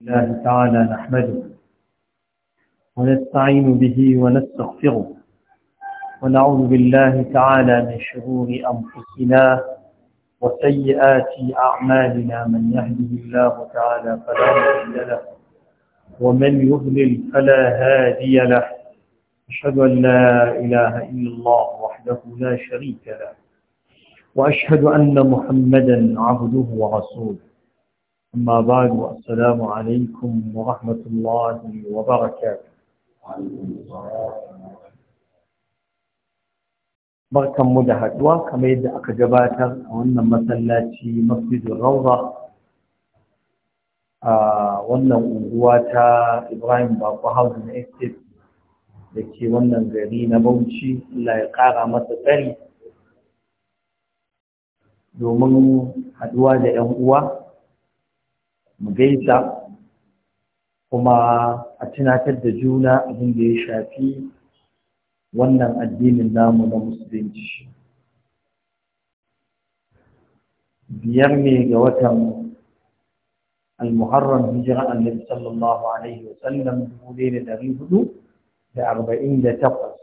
الله تعالى نحمده ونستعين به ونستغفره ونعوذ بالله تعالى من شرور أنفسنا وسيئات أعمالنا من يهده الله تعالى فلا مضل له ومن يضلل فلا هادي له أشهد أن لا إله إلا الله وحده لا شريك له وأشهد أن محمدا عبده ورسوله أما بعد السلام عليكم ورحمة الله وبركاته barkan mu da haduwa kamar yadda aka gabatar a wannan masallaci masjidin rauza a wannan unguwa ta ibrahim Baku house na estate da ke wannan gari na bauchi allah ya kara masa tsari domin haduwa da 'yan uwa mu gaisa kuma a tunatar da juna abin da ya shafi wannan addinin namu na musulunci biyar ne ga watan al-muharram hijira annabi sallallahu alaihi wa sallam dubu da ɗari hudu da arba'in da takwas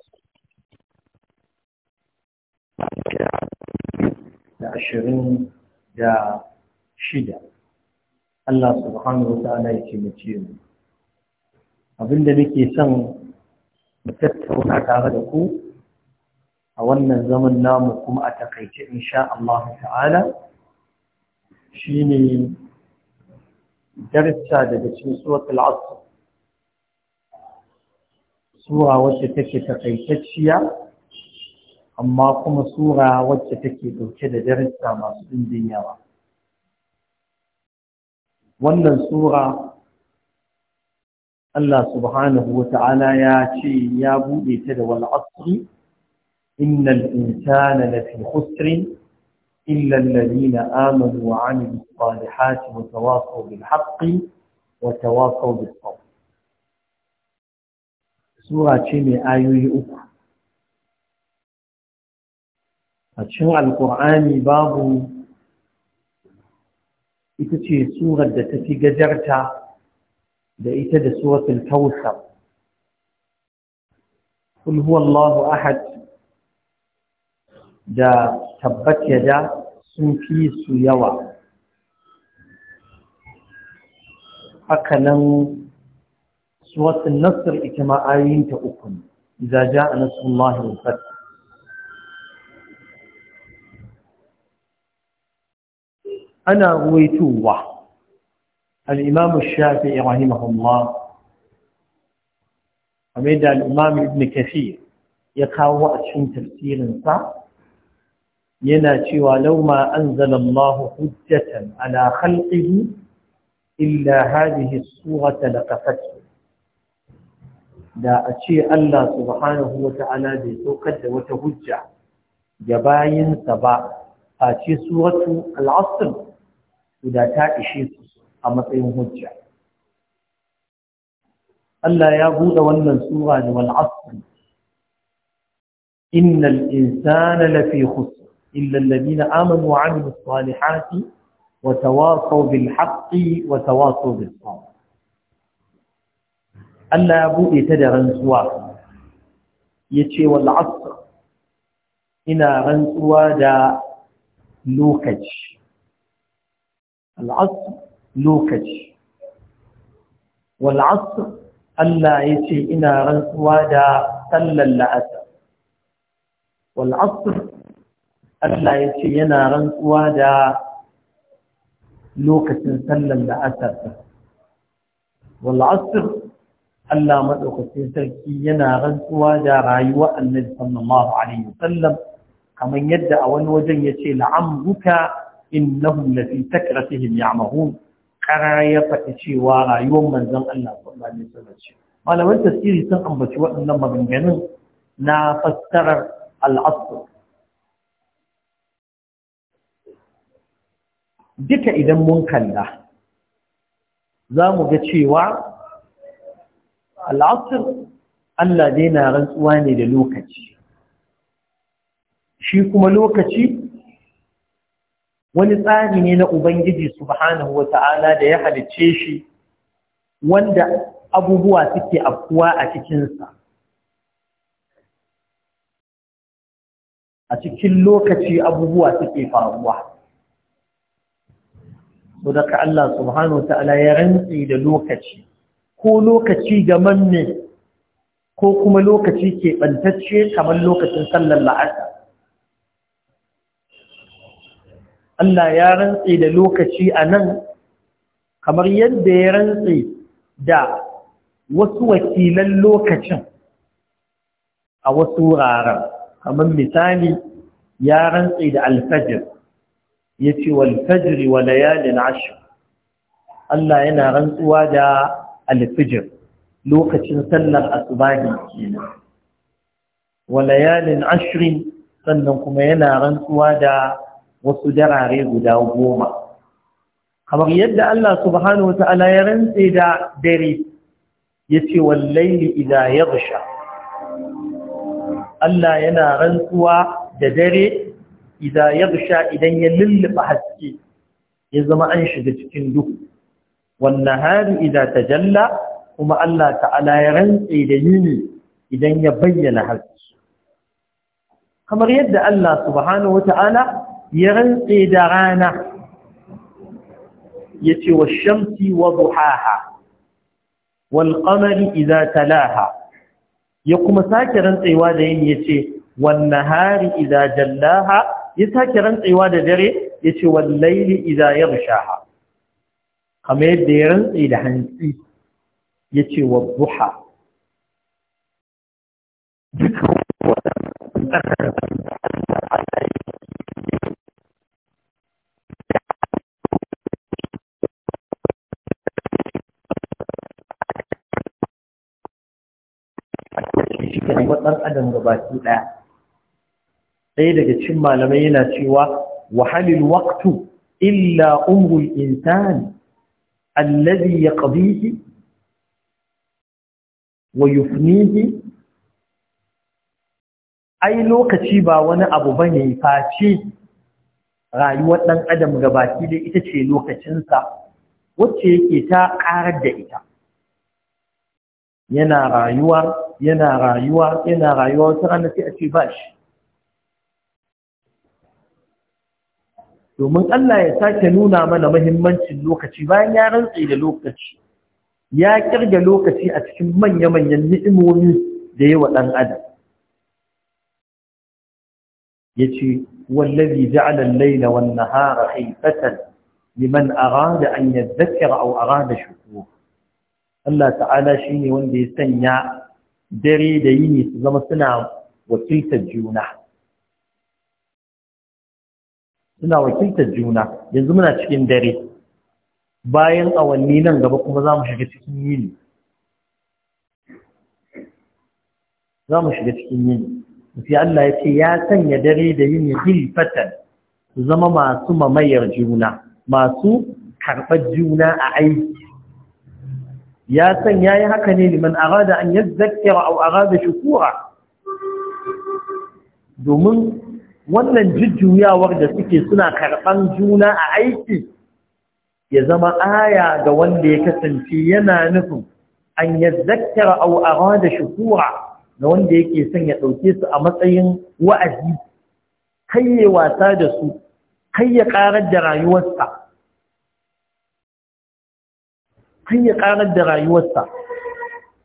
da ashirin da shida Allah subhanahu wata'ala ya ce mu ce mu abinda nake son mu tattauna tare da ku a wannan zaman namu kuma a takaice insha Allah ta'ala shine darsa daga cikin suratul asr sura wacce take takaitacciya amma kuma sura wacce take dauke da darsa masu dindin yawa wannan sura Allah subhanahu wa ya ce ya buɗe ta da wani asiri, inna al’insana na fi husri, illa lalari na amalu wa amiru ƙwari haci wa tawakau bil haƙi wa tawakau bil ƙau. Sura ce mai ayoyi uku. A cin al’ur'ani babu ita ce surar da ta fi gajarta da ita da suratul kawsar kul ahad da tabbat sun fi su yawa haka nan suratul nasr ita ma ayoyinta uku idza jaa nasrullahi wal ana ruwaitowa al'imam shafi'i rahimahullah kamar da al'imam ibn kafir ya kawo a cikin tafsirinsa yana cewa lauma anzalallahu hujjatan ala khalqihi illa hadhihi as-surata laqafathu da a ce Allah subhanahu wa ta'ala bai saukar da wata hujja ga bayinsa ba a ce suratu al'asir. guda ta ishe su a matsayin hujja Allah ya bude wannan sura da wal asr innal insana lafi khusr illa alladhina amanu wa amilus salihati wa tawasaw bil haqqi wa tawasaw bis sabr Allah ya bude ta da rantsuwa yace wal asr ina rantsuwa da lokaci al'asr lokaci wal asr Allah ya ce ina rantsuwa da sallar la'asar wal asr Allah ya ce yana rantsuwa da lokacin sallar la'asar wal asr Allah maɗaukacin sarki yana rantsuwa da rayuwar annabi kamar yadda a wani wajen ya ce la'amruka innahum la fi takratihim ya'mahun kara ya faɗi cewa rayuwar manzon Allah sallallahu alaihi wasallam ce malaman tafsiri sun ambaci waɗannan maganganun na fassarar al'asr duka idan mun kalla za mu ga cewa al'asir Allah dai na rantsuwa ne da lokaci shi kuma lokaci wani tsari ne na ubangiji subhanahu wa ta'ala da ya halicce shi wanda abubuwa suke afkuwa a cikinsa a cikin lokaci abubuwa suke faruwa so daga Allah subhanahu ta'ala ya rantsi da lokaci ko lokaci ga manne ko kuma lokaci ke ɓantacce, kamar lokacin sallar la'asar Allah ya rantse da lokaci a nan kamar yadda ya rantse da wasu wakilan lokacin a wasu wuraren kamar misali ya rantse da alfajir ya ce walfajiri wa layalin ashir Allah yana rantsuwa da alfijir lokacin sallar asubahi kenan wa layalin ashirin sannan kuma yana rantsuwa da wasu jarare guda goma kamar yadda Allah subhanahu ta'ala ya rantse da dare ya ce wallaili idan ya rusha Allah yana rantsuwa da dare idan ya rusha idan ya lulluɓa haske ya zama an shiga cikin duhu wannan hari idan ta jalla kuma Allah ta'ala ya rantse da yini idan ya bayyana haske kamar yadda Allah subhanahu ta'ala. ya rantse da rana ya ce wa shamsi wa buhaha, wal qamari idza talaha ya kuma sake rantsewa da yini ya ce wan nahari idza jallaha ya sake rantsewa da dare ya ce wal layli ya yaghshaha kamar yadda ya rantse da hantsi ya ce wa duha duka wadanda adam gabaki ɗaya daga cikin malamai yana cewa wahalil waqtu illa umrul insani alladhi yaqdihi wa yufnihi ai lokaci ba wani abu bane face rayuwar dan adam gabaki da ita ce lokacinsa wacce yake ta karar da ita yana rayuwa yana rayuwa yana rayuwa wata rana sai a ce ba shi domin Allah ya sake nuna mana mahimmancin lokaci bayan ya rantse da lokaci ya kirga lokaci a cikin manya-manyan ni'imomi da yawa ɗan adam ya ce wallazi ja'ala al-laila wan nahara khayfatan liman arada an yadhakkara aw arada shukur Allah ta'ala shine wanda ya sanya dare da yini su zama suna wakiltar juna suna wakiltar juna yanzu muna cikin dare bayan awanni nan gaba kuma za mu shiga cikin yini za mu shiga cikin yini sai Allah ya ce ya sanya dare da yini fatan su zama masu mamayar juna masu karɓar juna a aiki ya san yayi haka ne liman arada an yadhakkara aw arada shukura domin wannan jujjuyawar da suke suna karban juna a aiki ya zama aya ga wanda ya kasance yana nufin an yadhakkara aw arada shukura ga wanda yake son ya ɗauke su a matsayin wa'azi kai ya wasa da su kai ya ƙarar da rayuwarsa har ya karar da rayuwarsa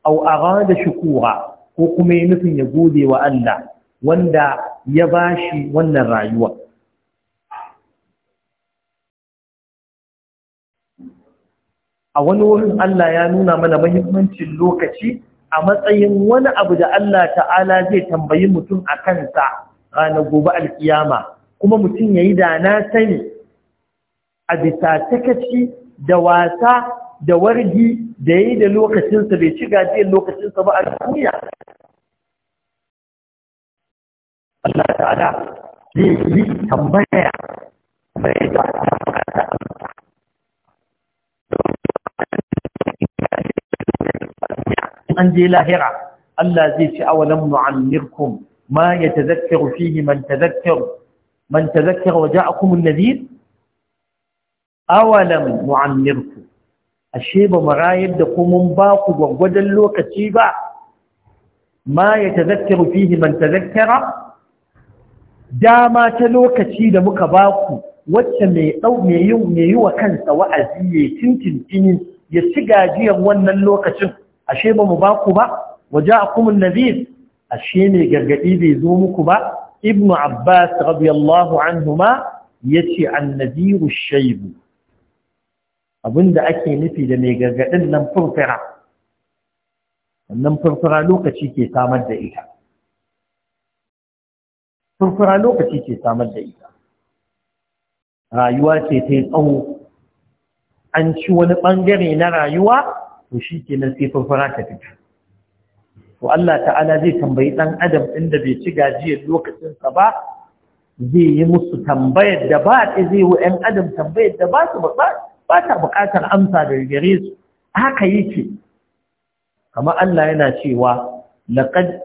au da shukura ko kuma ya nufin ya gode wa Allah wanda ya ba shi wannan rayuwa a wani wurin Allah ya nuna mana mahimmancin lokaci a matsayin wani abu da Allah ta'ala zai tambayi mutum a kansa rana gobe alkiyama kuma mutum ya yi da na sani a bisa takaci da wasa da wargi da yayi da lokacinsa bai ci gajiyar lokacinsa ba a duniya Allah ta'ala zai yi tambaya mai da an je lahira Allah zai ci awalan nu'ammirkum ma yatazakkaru fihi man tazakkaru man tazakkara wa ja'akum an-nadhir awalam nu'ammirkum ashe ba rayar da kuma ba ku gwaggwadon lokaci ba ma ya tazakkaru fihi man tazakkara dama ta lokaci da muka ba ku wacce mai dau mai yi wa kansa wa'azi ya tintintini ya ci gajiyar wannan lokacin ashe ba mu ba ku ba waja'akum an-nadhir ashe mai gargadi bai zo muku ba ibnu abbas radiyallahu anhuma yace an-nadhiru abinda ake nufi da mai gargadin nan furfura wannan furfura lokaci ke samar da ita furfura lokaci ke samar da ita rayuwa ce ta yi tsawo an ci wani ɓangare na rayuwa to shi ke nan sai furfura ta fita to Allah ta'ala zai tambayi ɗan adam inda bai ci gajiyar lokacinsa ba zai yi musu tambayar da ba zai yi wa ‘yan adam tambayar da ba su ba ba ta buƙatar amsa daga gare su haka yake kama Allah yana cewa laqad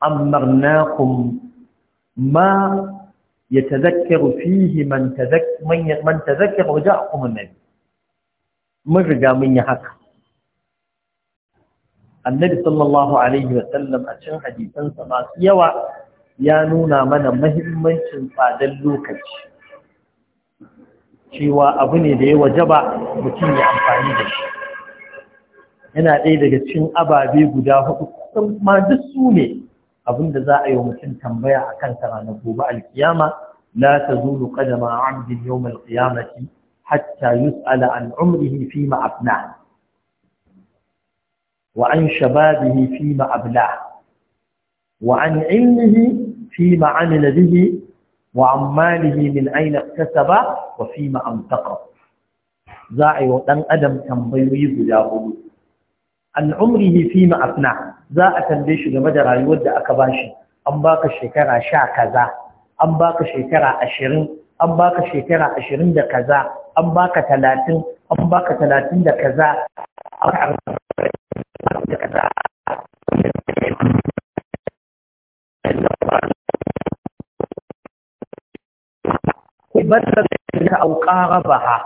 amarnakum ma yatazakkaru fihi man tazakkara man man tazakkara ja'akum annabi mun riga mun yi haka annabi sallallahu alaihi wa sallam a cikin hadisansa masu yawa ya nuna mana mahimmancin tsadar lokaci cewa abu ne da ya wajaba mutum ya amfani da shi yana ɗaya daga cikin ababe guda hudu ma duk su ne da za a yi wa mutum tambaya a kan ranar gobe alkiyama la ta zulu kadama abdin yawm alkiyamati hatta Al'a an umrihi fi ma afna wa an shababihi fi ma abla wa an ilmihi fi ma bihi wa malihi min aina kasaba wa fima amtaqa za a yi wa dan adam tambayoyi guda hudu an umrihi fima afna za a tambaye shi game da rayuwar da aka bashi an baka shekara sha kaza an baka shekara ashirin an baka shekara ashirin da kaza an baka talatin an baka talatin da kaza da kaza matar da au baha,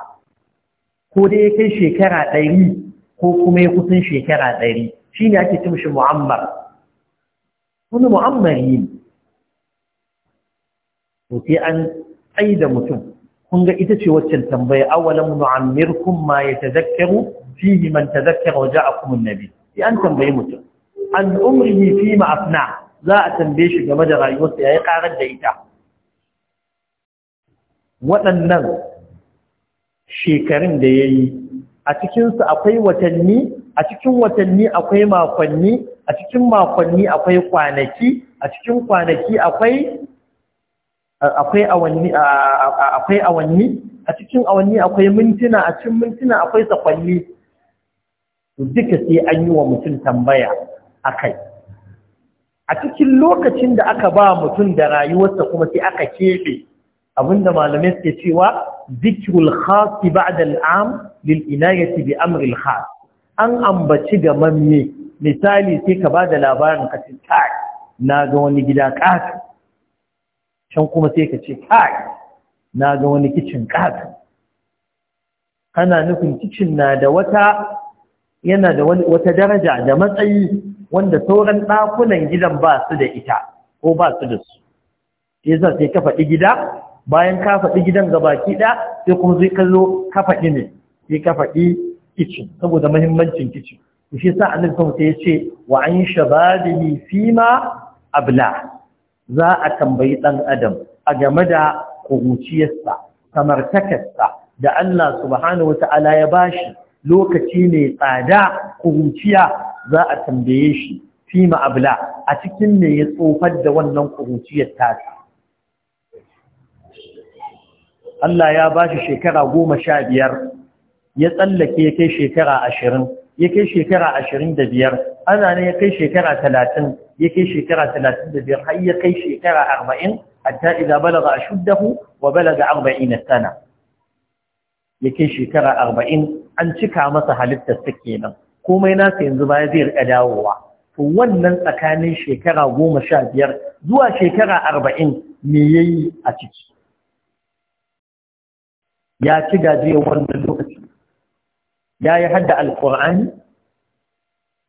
ko dai ya kai shekara ɗari ko kuma ya kusan shekara ɗari shi ne ake cin shi mu'ammar wani yi ne to sai an tsaye da mutum kun ga ita ce waccan tambaya awalan nu'ammirkum ma yatazakkaru fihi man tazakkara wa ja'akum an-nabi sai an tambayi mutum an umrihi fi ma afna za a tambaye shi game da rayuwarsa yi karar da ita waɗannan shekarun da ya yi a cikinsu akwai watanni a cikin watanni akwai makonni a cikin makonni akwai kwanaki a cikin kwanaki akwai akwai awanni akwai awanni a cikin awanni akwai mintuna a cikin mintuna akwai sakwanni duka sai an yi wa mutum tambaya akai a cikin lokacin da aka ba mutum da rayuwarsa kuma sai aka kebe abinda malamai suke cewa Zikirul khas ba'da al'am lil inayati bi amri al khas an ambaci ga mamme, misali sai ka bada labarin ka ce kai na ga wani gida kaka can kuma sai ka ce kai na ga wani kicin kaka Kana nufin kicin na da wata yana da wata daraja da matsayi wanda sauran ɗakunan gidan ba su da ita ko ba su da su yasa sai ka faɗi gida bayan ka faɗi gidan gabaki ɗaya sai kuma zai kallo ka faɗi ne sai ka faɗi kicin saboda mahimmancin kicin shi sa annabi sallallahu alaihi ya ce wa an ni fima abla za a tambayi ɗan adam a game da ƙuruciyarsa samartakarsa da Allah subhanahu wata'ala ya bashi lokaci ne tsada kuruciya za a tambaye shi fima abla a cikin ne ya tsofar da wannan kuruciyar tasa Allah ya ba shi shekara goma sha biyar ya tsallake ya kai shekara ashirin ya kai shekara ashirin da biyar ana ne ya kai shekara talatin ya kai shekara talatin da biyar har ya kai shekara arba'in hatta idan balaga a shuddahu wa balaga arba'in na sana ya kai shekara arba'in an cika masa halittar ta kenan komai nasa yanzu baya zai riƙa dawowa to wannan tsakanin shekara goma sha biyar zuwa shekara arba'in me ya yi a ciki ya ci gajiyar wannan lokaci ya yi hada alƙur'ani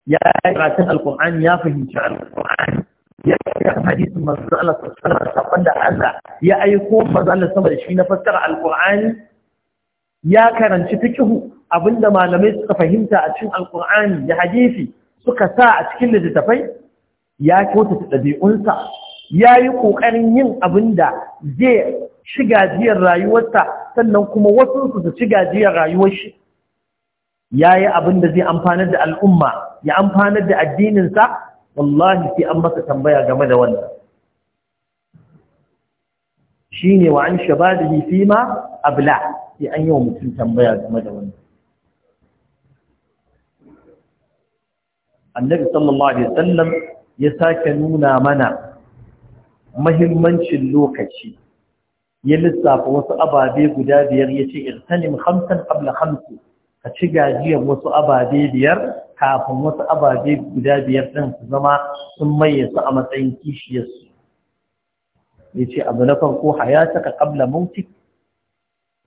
ya yi karatun alƙur'ani ya fahimci alƙur'ani ya yi hadisin masu Allah sallallahu alaihi wasallam da Allah ya aiko masu Allah sama da shi na fassara alƙur'ani ya karanci fikihu abinda malamai suka fahimta a cikin alƙur'ani da hadisi suka sa a cikin littattafai ya kyautata ɗabi'unsa ya yi ƙoƙarin yin abin da zai shiga jiyar rayuwarsa sannan kuma wasu su ci gajiyar rayuwar shi ya yi abin da zai amfanar da al'umma ya amfanar da addininsa wallahi sai an masa tambaya game da wannan shi ne wa an shabadihi fi ma abla sai an yi wa mutum tambaya game da wannan annabi sallallahu alaihi wasallam ya sake nuna mana mahimmancin lokaci ya lissafa wasu ababe guda biyar ya ce irtanim hamsin abla hamsi ka ci gajiyar wasu ababe biyar kafin wasu ababe guda biyar ɗin su zama sun maye su a matsayin kishiyarsu ya ce abu na farko hayata ka kabla mautik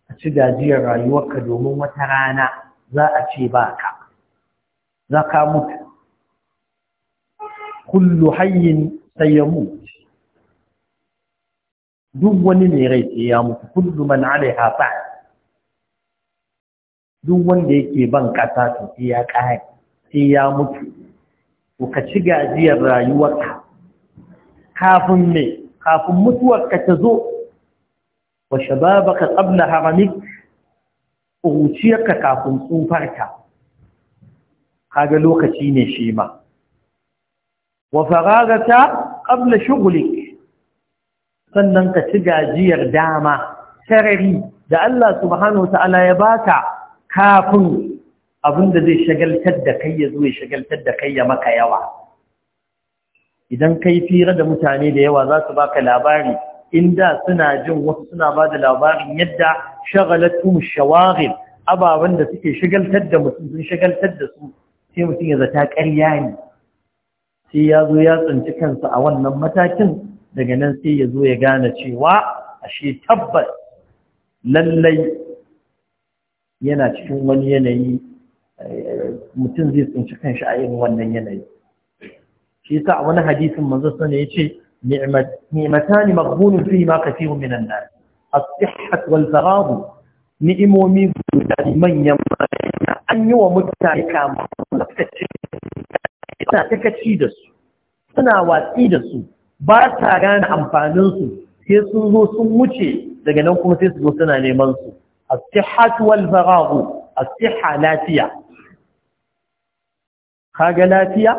ka ci gajiyar rayuwarka domin wata rana za a ce ba ka za ka mutu kullu hayyin sai ya mutu duk wani mai rai sai ya mutu kullu man alaiha fa'a duk wanda yake ban kasa to sai ya kai sai ya mutu to ka ci gajiyar rayuwarka kafin me kafin mutuwarka ta zo wa shababaka qabla haramik uciyarka kafin tsufarka kaga lokaci ne shi wa faragata qabla shughlik sannan ka ci gajiyar dama sarari da Allah subhanahu ta'ala ya baka kafin abin da zai shagaltar da kai ya zo ya shagaltar da kai ya maka yawa idan kai fira da mutane da yawa za su baka labari inda suna jin wasu suna ba da labarin yadda shagalatum shawaghil ababen da suke shagaltar da mutum sun shagaltar da su sai mutum ya zata ƙarya ne sai ya zo ya tsinci kansa a wannan matakin daga nan sai ya zo ya gane cewa ashe tabbas lallai yana cikin wani yanayi eh, mutum zai tsinci kanshi a irin wannan yanayi shi sa a wani hadisin manzo sani ce ni'matani maghbunun fihi ma kathirun minan nas as-sihhat wal farad ni'imomi guda manyan an yi wa mutane kama suna takaci da su suna watsi da su ba sa gane amfaninsu sai sun zo sun wuce daga nan kuma sai su zo suna neman su as-sihhatu wal faraghu as-sihha lafiya kaga lafiya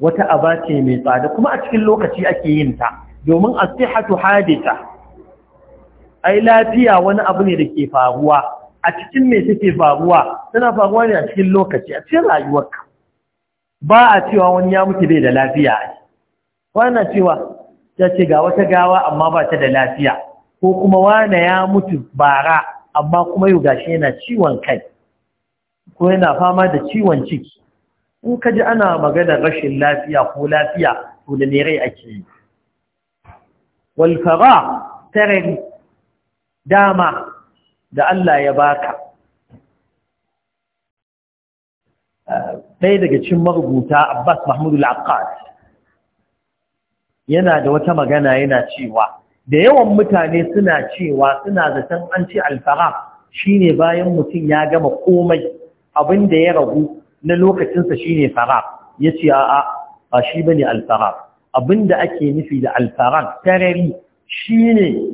wata aba ce mai tsada kuma a cikin lokaci ake yin ta domin as-sihhatu hadita ai lafiya wani abu ne da ke faruwa a cikin me take faruwa tana faruwa ne a cikin lokaci a cikin rayuwarka ba a cewa wani ya mutu bai da lafiya ai wana cewa ta ce ga wata gawa amma ba ta da lafiya ko kuma Wana ya mutu bara amma kuma yau gashi yana ciwon kai ko yana fama da ciwon ciki in ka ji ana maganar rashin lafiya ko lafiya to da ne rai ake yi walfara fara dama da Allah ya baka ɗaya daga cikin marubuta Abbas Mahmudul al yana da wata magana yana cewa da yawan mutane suna cewa suna zaton an ci alfara shine bayan mutum ya gama komai abin da ya ragu na lokacinsa shine fara yace a'a ba shi bane alfara abin da ake nufi da alfara tarari shine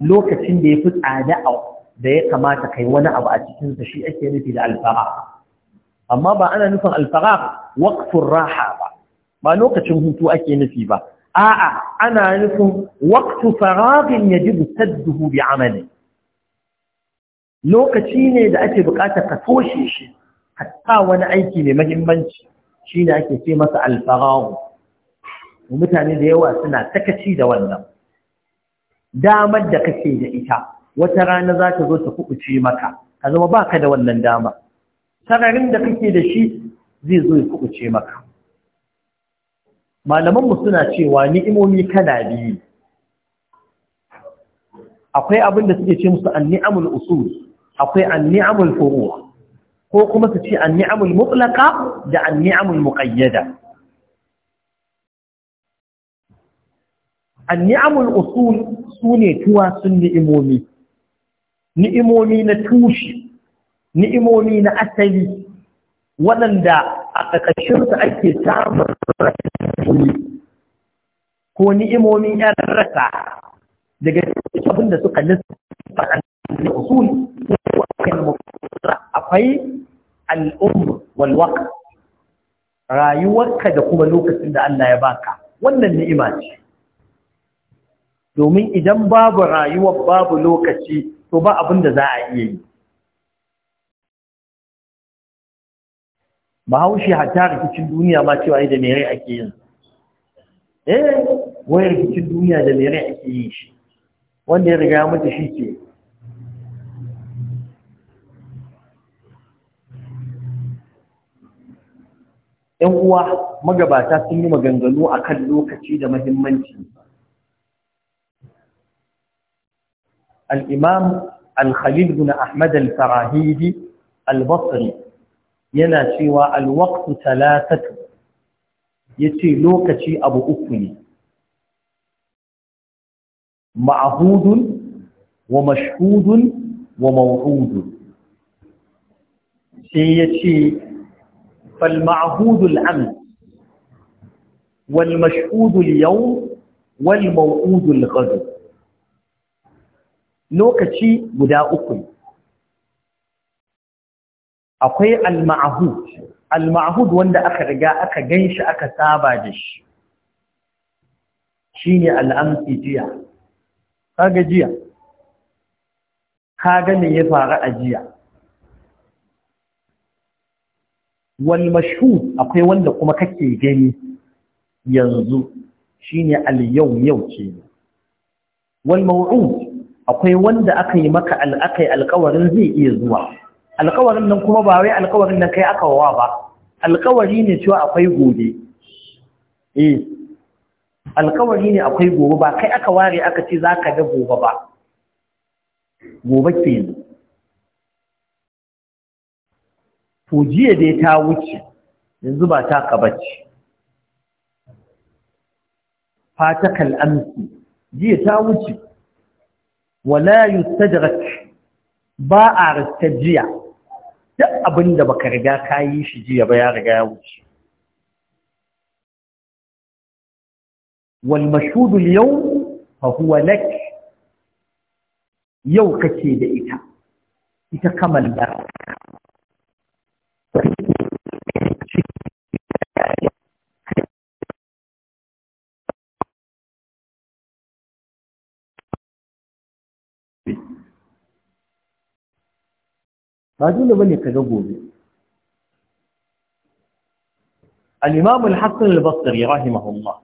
lokacin da ya fi tsada da ya kamata kai wani abu a cikinsa shi ake nufi da alfara amma ba ana nufin alfara waqfur raha ba ba lokacin hutu ake nufi ba a'a ana nufin waqtu faragin yajibu sadduhu bi amali lokaci ne da ake buƙatar ka toshe shi hatta wani aiki mai mahimmanci shine ake ce masa al mutane da yawa suna takaci da wannan damar da kake da ita wata rana za ta zo ta kuɓuce maka ka zama baka da wannan dama sararin da kake da shi zai zo ya kubuce maka mu suna cewa ni'imomi kana biyu akwai abin da suke ce musu anni'amul usul akwai anni'amul furu' ko kuma su ce anni'amul mutlaqa da anni'amul muqayyada anni'amul usul sune tuwa sun ni'imomi ni'imomi na tushi ni'imomi na asali waɗanda a ƙarƙashinsu ake samun tafi ko ni'imomin yan rasa daga abin da suka lissafa a usul akwai al'umma walwaka rayuwarka da kuma lokacin da Allah ya baka wannan ni'ima ce domin idan babu rayuwa babu lokaci to ba abin da za a iya yi bahaushe hatta rikicin duniya ma cewa da mere ake yin eh wayar cikin duniya da mere ake yi shi wanda ya riga mata shi ke ‘Yan uwa magabata sun yi maganganu a kan lokaci da mahimmanci. Al'imam Al-Khalil bin Ahmad Al-Farahidi Al-Basri yana cewa al-waqtu talatatu ya ce lokaci abu uku ne ma'ahudun wa mashhudun wa maw'udun sai ya ce fal ma'ahudul amsi yau اليوم والموعود lokaci guda uku akwai al-ma'hud al-ma'hud wanda aka riga aka ganshi aka saba da shi shine al-amsi jiya kaga jiya kaga me ya faru a jiya wal akwai wanda kuma kake gani yanzu shine al-yawm yau ce wal akwai wanda aka yi maka al'akai alkawarin alƙawarin zai iya zuwa alƙawarin nan kuma ba wai alƙawarin nan kai aka wawa ba alƙawari ne cewa akwai gobe eh alƙawari ne akwai gobe ba kai aka ware aka ce za ka ga gobe ba gobe ke ne to jiya dai ta wuce yanzu ba ta ka bace fatakal amsi jiya ta wuce wala yustajrak ba a rasta jiya duk abin da baka riga ka yi shi jiya ba ya riga ya wuce wal yau fa huwa yau kake da ita ita kamar da ba dole bane ka ga gobe al-imam al-hasan al-basri rahimahullah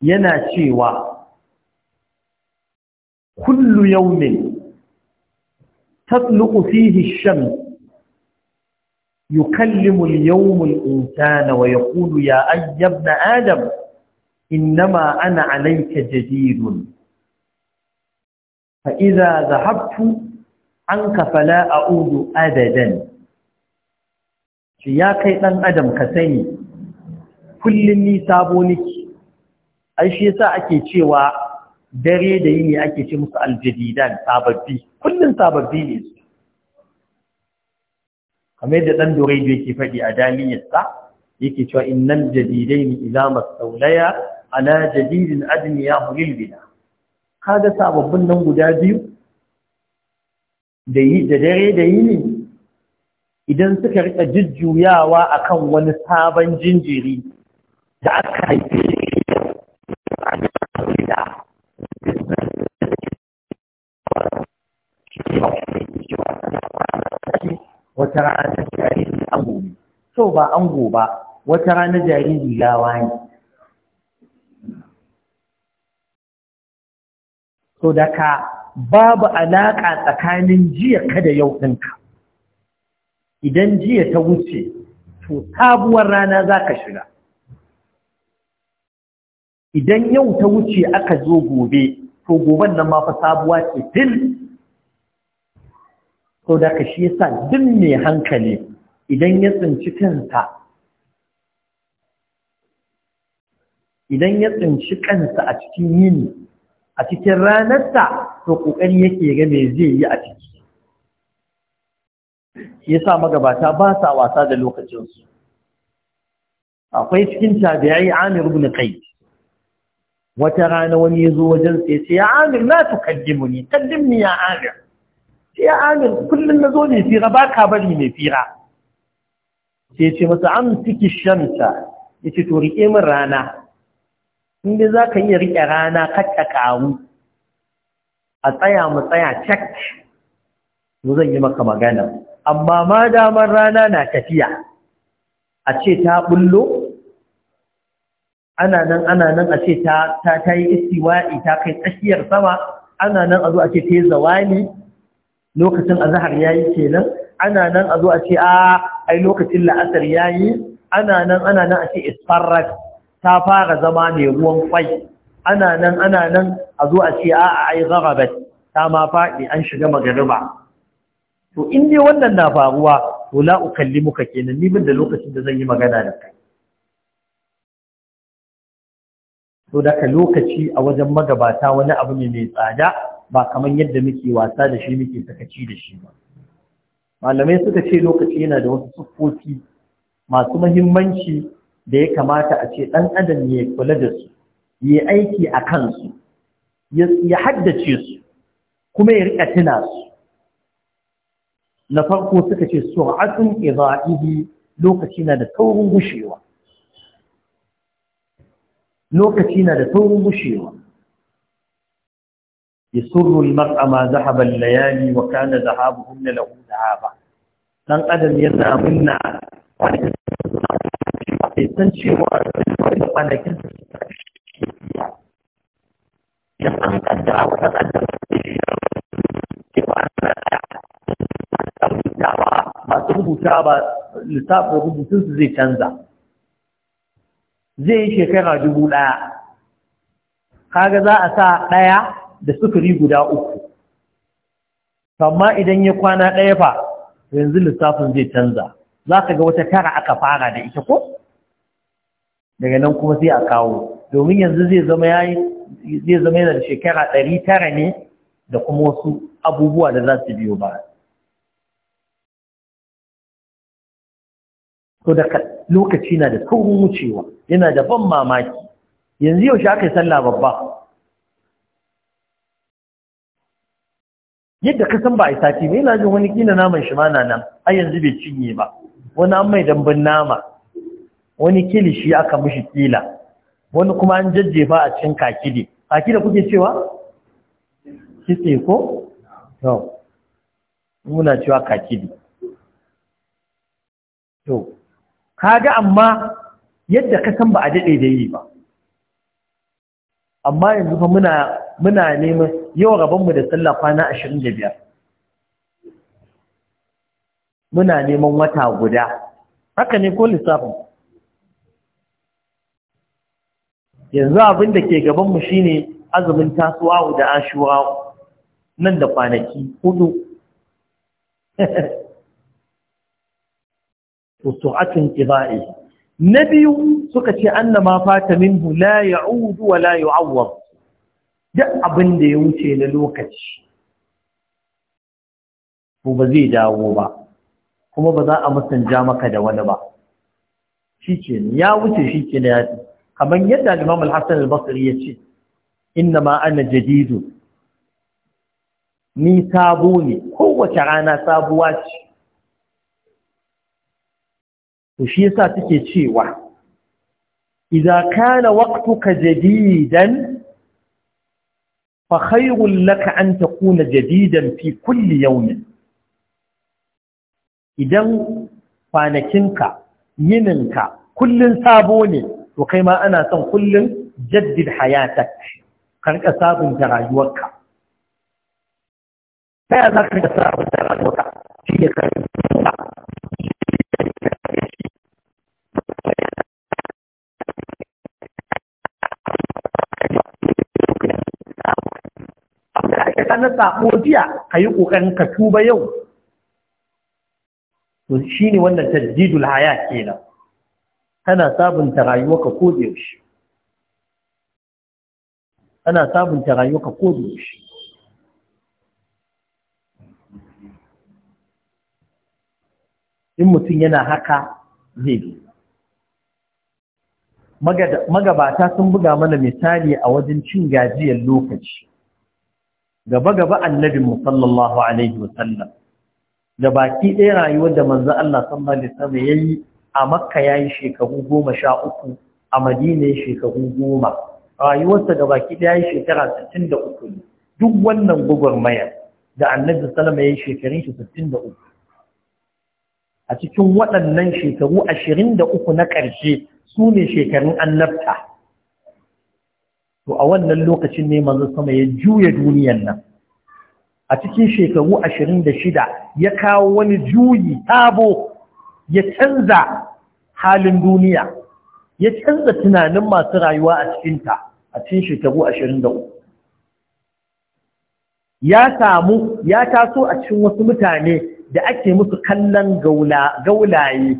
yana cewa kullu yawmin tatluqu fihi ash-shams يكلم اليوم الإنسان ويقول يا أي ابن آدم إنما أنا عليك جديد فإذا ذهبت an ka fala udu adadan shi ya kai ɗan adam ka sani kullum ni sabo niki ai shi yasa ake cewa dare da yini ake ce musu aljadidan sababbi kullum sababbi ne su kamar yadda ɗan dorai yake faɗi a daliyarsa yake cewa jadidai jadidain idza masaulaya ala jadidin adini ya hulil bina ga sababbin nan guda biyu da yi da dare da yini idan suka rika jujjuyawa kan wani sabon jinjiri da aka haifi wata rana jariri ango ne so ba ango ba wata rana jariri gawa ne so da ka babu alaƙa tsakanin jiya ka da yau ɗinka idan jiya ta wuce to sabuwar rana za ka shiga idan yau ta wuce aka zo gobe to goben nan ma fa sabuwa ce fil sau da ka shi yasa duk mai hankali idan ya tsinci kansa idan ya tsinci kansa a cikin yini a cikin ranarsa to ƙoƙari yake ga me zai yi a ciki shi yasa magabata ba sa wasa da lokacinsu akwai cikin tabi'ai Amir ibn kai. wata rana wani ya zo wajen sai ce ya Amir na ni, kaddim ni ya Amir sai ya Amir kullum na zo ne fira ba ka bari mai fira sai ce masa an siki shamsa yace to rike min rana inda za ka iya riƙe rana kacce ƙaru a tsaya mu tsaya cak mu zan yi maka magana amma ma damar rana na tafiya a ce ta bullo ana nan ana nan a ce ta ta yi istiwa'i ta kai tsakiyar sama ana nan a zo a ce ta yi zawani lokacin ya yi kenan ana nan a zo a ce a ah, ai lokacin la'asar ya yi. ana nan ana nan a ce isfarrat ta fara zama mai ruwan kwai ana nan ana nan a zo a ce a'a ai zarabat ta ma faɗi an shiga magariba to in dai wannan na faruwa to la ukallimuka kenan ni bin da lokacin da zan yi magana da kai to daga lokaci a wajen magabata wani abu ne mai tsada ba kamar yadda muke wasa da shi muke sakaci da shi ba malamai suka ce lokaci yana da wasu siffofi masu mahimmanci da ya kamata a ce ɗan adam ya kula da su ya aiki a kansu ya haddace su kuma ya riƙa tuna su na farko suka ce sur'atun ida'ihi lokaci na da taurin gushewa lokaci na da taurin gushewa يسر المرء ما ذهب الليالي وكان ذهابهن له ذهابا dan adam ya samu na bai san cewa da kwanakin da suka shi biya idan an a wata kaddara cewa an da rubutawa masu rubuta ba lissafin rubutun su zai canza zai yi shekara dubu ɗaya kaga za a sa ɗaya da sufuri guda uku amma idan ya kwana ɗaya fa yanzu lissafin zai canza za ka ga wata tara aka fara da ita ko daga nan kuma sai a kawo domin yanzu zai zama yana da shekara ɗari tara ne da kuma wasu abubuwa da za su biyo ba to da lokaci na da saurin wucewa yana da ban mamaki yanzu yaushe aka yi sallah babba yadda ka san ba a sati ba yana jin wani kina naman shi na nan a yanzu bai cinye ba wani an mai dambun nama wani kilishi aka mushi kila wani kuma an jajjefa a cikin kakide kakide kuke cewa kitse ko to muna cewa kakide to kaga amma yadda ka san ba a dade da yi ba amma yanzu fa muna muna neman yau mu da sallah kwana 25 muna neman wata guda haka ne ko lissafin yanzu abin da ke gabanmu shine azumin tasuwa da ashura nan da kwanaki hudu usu'atun qida'i na biyu suka ce annama fata minhu la ya'udu wa la yu'awwad duk abin da ya wuce na lokaci ko ba zai dawo ba kuma ba za a musanja maka da wani ba shi ya wuce shi ke ya tafi kamar yadda Imam Al-Hassan Al-Basri yace inna ma ana jadidu ni sabo ne kowace rana sabuwa ce to shi yasa take cewa idza kana waqtuka jadidan fa khayrun laka an takuna jadidan fi kulli yawmin idan kwanakinka yininka kullun sabo ne to kai ma ana son kullum jaddid hayatak karka sabunta rayuwarka ta yaya za ka rika sabunta rayuwarka shi ne karfi ka na sako jiya ka yi ƙoƙarin ka tuba yau to shi ne wannan tajdidul haya kenan kana sabunta rayuwarka ko da yaushe kana sabunta rayuwarka ko da yaushe in mutum yana haka zai bi magabata sun buga mana misali a wajen cin gajiyar lokaci gaba-gaba annabinmu sallallahu alaihi wasallam da baki ɗaya rayuwar da manzo Allah sallallahu alaihi wasallam yayi a makka ya yi shekaru goma sha uku a madina ya shekaru goma rayuwarsa da baki ɗaya ya shekara sittin da uku ne duk wannan gwagwarmayar da annabi salama ya yi shekarun shi sittin da uku a cikin waɗannan shekaru ashirin da uku na ƙarshe su ne shekarun annabta to a wannan lokacin ne manzo sama ya juya duniyan nan a cikin shekaru ashirin da shida ya kawo wani juyi tabo ya canza halin duniya ya canza tunanin masu rayuwa a cikinta a cikin shekaru ashirin da uku ya samu ya taso a cikin wasu mutane da ake musu kallon gaulaye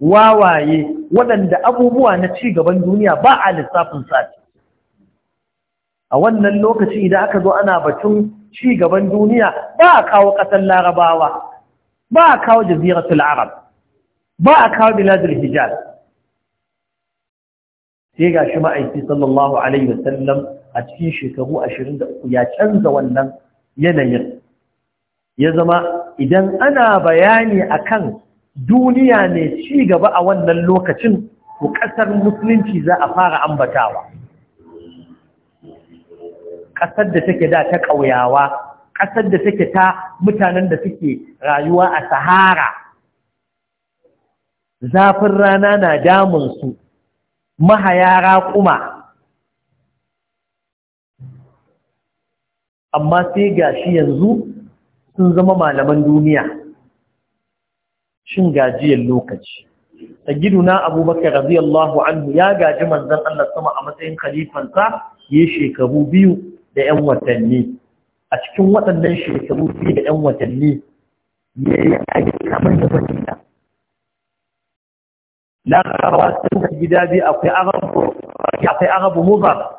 wawaye waɗanda abubuwa na cigaban duniya ba a lissafin sati a wannan lokaci idan aka zo ana batun cigaban duniya ba a kawo ƙasar larabawa ba a kawo jaziratul arab ba a kawo biladul hijaz sai ga shi ma'aiki sallallahu alaihi wasallam a cikin shekaru 23 ya canza wannan yanayin ya zama idan ana bayani akan duniya ne ci gaba a wannan lokacin ko kasar musulunci za a fara ambatawa Ƙasar da take da ta ƙauyawa ƙasar da take ta mutanen da suke rayuwa a sahara zafin rana na damun su, mahaya kuma. amma sai gashi yanzu sun zama malaman duniya shin gajiyar lokaci giduna abubakar radiyallahu anhu ya gaji manzan Allah sama a matsayin khalifansa ya shekaru biyu da 'yan watanni a cikin waɗannan shekaru biyu da 'yan watanni ya yi kamar da na karawa sun da gida biyu akwai arabu akwai arabu mubar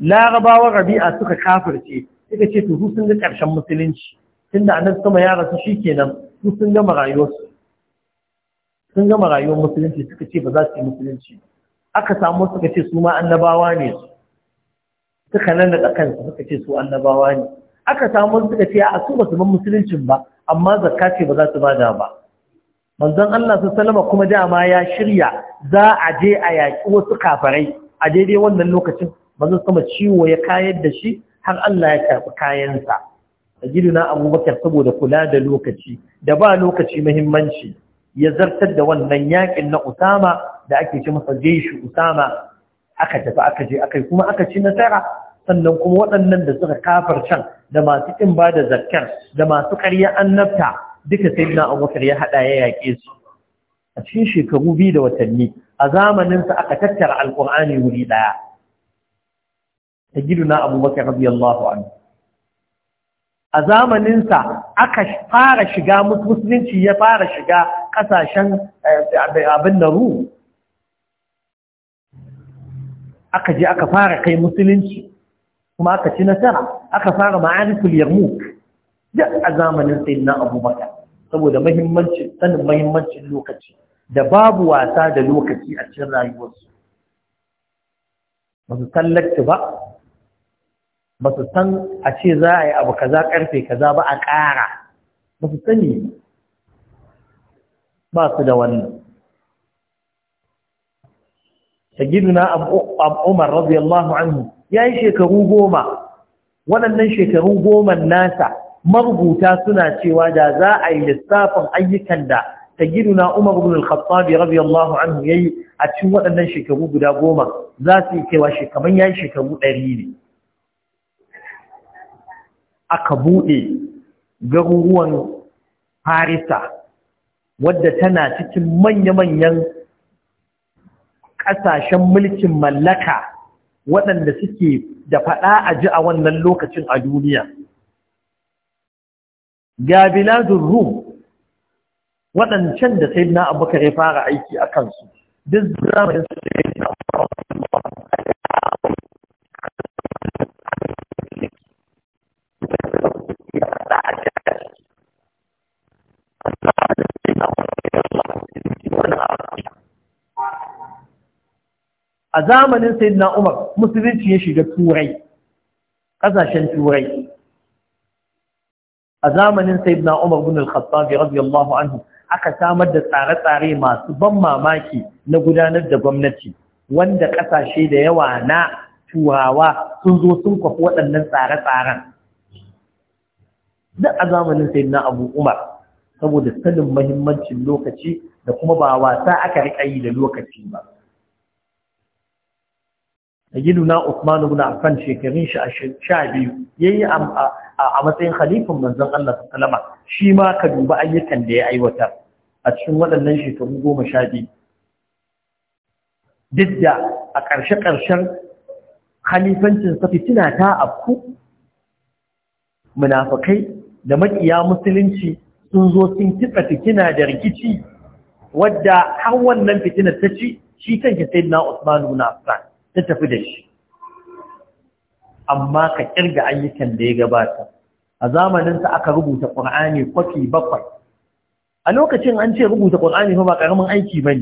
larabawa rabi'a suka kafirce suka ce su sun ga ƙarshen musulunci tunda nan sama ya rasu kenan su sun gama rayuwarsu sun gama rayuwar musulunci suka ce ba za su yi musulunci aka samu suka ce su ma annabawa ne su suka nan da ƙakansu suka ce su annabawa ne aka samu suka ce a su ba su ban musuluncin ba amma zakka ce ba za su bada ba manzon Allah sallallahu kuma dama ya shirya za a je a yaƙi wasu kafarai a daidai wannan lokacin manzon sama ciwo ya kayar da shi har Allah ya karɓi kayansa na Abubakar saboda kula da lokaci da ba lokaci muhimmanci ya zartar da wannan yaƙin na Usama da ake ce masa jeshi Usama aka tafi aka je aka yi kuma aka ci nasara sannan kuma waɗannan da suka kafar can da masu ƙin ba da zakkar da masu ƙarya annabta duka sai na abubakar ya haɗa ya yaƙe su a cikin shekaru biyu da watanni a zamaninsa aka tattara alƙur'ani wuri ɗaya ta giduna abubakar radiyallahu anhu a zamaninsa aka fara shiga musulunci ya fara shiga ƙasashen eh, abin da ru aka je aka fara kai musulunci kuma aka ci nasara aka fara ma'arifin yarmouk duk a zamanin sai sayyidina abubakar saboda mahimmancin sanin mahimmancin lokaci da babu wasa da lokaci a cikin rayuwarsu ba su san latti ba ba su san a ce za a yi abu kaza karfe kaza ba a ƙara ba su sani ba su da wannan sagiduna umar radiyallahu anhu ya yi shekaru goma waɗannan shekaru goma nasa marubuta suna cewa da za a yi lissafin ayyukan da na Umar bin al-Khattab radiyallahu anhu yayi a cikin waɗannan shekaru guda goma za su yi kaiwa shekaman yayi shekaru ɗari ne aka buɗe garuruwan Farisa wadda tana cikin manya-manyan ƙasashen mulkin mallaka waɗanda suke da faɗa a ji a wannan lokacin a duniya ga biladun rum waɗancan da sai na abubakar ya fara aiki a kansu duk zamanin su sai na a zamanin Sayyidina umar musulunci ya shiga turai ƙasashen turai a zamanin sayyidina Umar ibn al radiyallahu anhu aka samar da tsare-tsare masu ban mamaki na gudanar da gwamnati wanda kasashe da yawa na turawa sun zo sun kwafi waɗannan tsare-tsaren duk a zamanin sai na abu umar saboda sanin mahimmancin lokaci da kuma ba wasa aka riƙa yi da lokaci ba na Uthman ibn Affan shekarun shi 12 yayi a matsayin khalifin manzon Allah sallama shi ma ka duba ayyukan da ya aiwata. a cikin waɗannan shekaru 12 duk da a ƙarshe-ƙarshen khalifancin sa fitina ta afku munafikai da makiya musulunci sun zo sun kitsa fitina da rikici wadda har wannan fitinar ta ci shi kanki sayyidina Uthman ibn Affan ta tafi da shi amma ka kirga ayyukan da ya gabata a zamaninsa aka rubuta ƙur'ani kwafi bakwai a lokacin an ce rubuta ƙur'ani ba ƙaramin aiki ba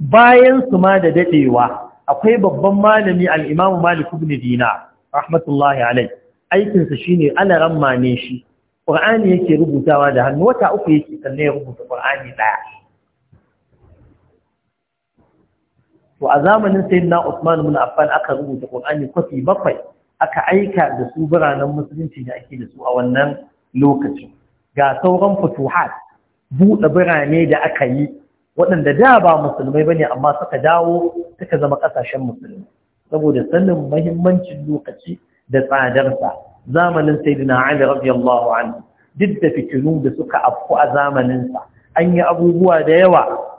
bayan su ma da daɗewa akwai babban malami al'imamu malik ibn dina rahmatullahi alai aikinsa shine ne alaran mane shi ƙur'ani yake rubutawa da hannu wata uku yake sannan ya rubuta Kur'ani ɗaya to a zamanin sayyidina Usman ibn Affan aka rubuta Qur'ani kwafi bakwai aka aika da su biranen musulunci da ake da su a wannan lokacin ga sauran futuhat buɗe birane da aka yi waɗanda da ba musulmai bane amma suka dawo suka zama ƙasashen musulmai saboda sanin mahimmancin lokaci da tsadarsa zamanin sayyidina Ali radiyallahu anhu duk da fitinu da suka afku a zamaninsa an yi abubuwa da yawa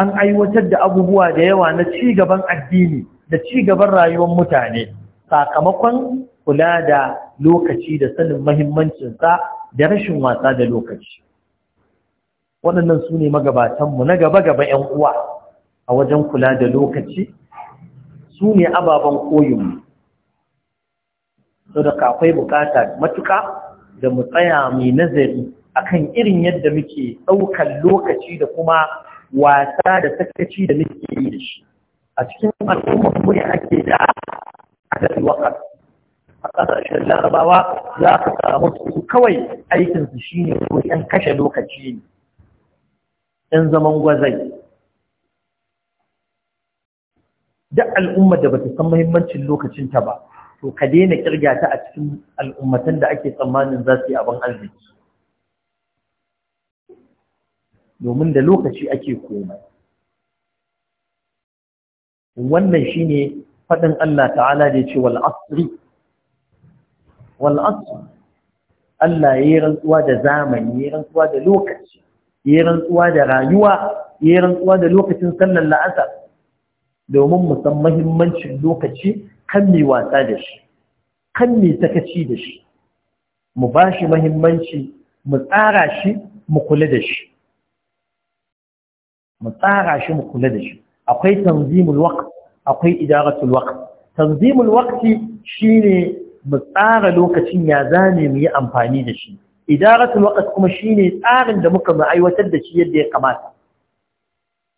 an aiwatar da abubuwa da yawa na ci gaban addini da ci gaban rayuwar mutane sakamakon kula da lokaci da sanin mahimmancinsa da rashin wasa da lokaci waɗannan su ne magabatanmu na gaba-gaba 'yan uwa a wajen kula da lokaci su ne ababen koyinmu so da akwai bukata matuka da mu tsaya mai nazari akan irin yadda muke ɗaukan lokaci da kuma wasa da sakaci da muke yi da shi a cikin al'ummar mu ne ake da adadin wakar a ƙasashen larabawa za ka samu su kawai aikinsu shi ne ko ‘yan kashe lokaci ne ‘yan zaman gwazai duk al'ummar da bata ta san muhimmancin lokacinta ba to ka daina kirga ta a cikin al'ummatan da ake tsammanin za su yi abin arziki domin da lokaci ake komai wannan shine faɗin Allah ta'ala da ya ce asri wal Allah Allah yayi rantsuwa da zamani yi rantsuwa da lokaci yi rantsuwa da rayuwa yi rantsuwa da lokacin sallar la'asar domin mu san muhimmancin lokaci kan mi wasa da shi kan mi sakaci da shi mu bashi mahimmanci mu tsara shi mu kula da shi mu tsara shi mu kula da shi akwai tanzimul waqt akwai idaratul waqt tanzimul waqti shine mu tsara lokacin ya zane mu yi amfani da shi idaratul waqt kuma shine tsarin da muka mu aiwatar da shi yadda ya kamata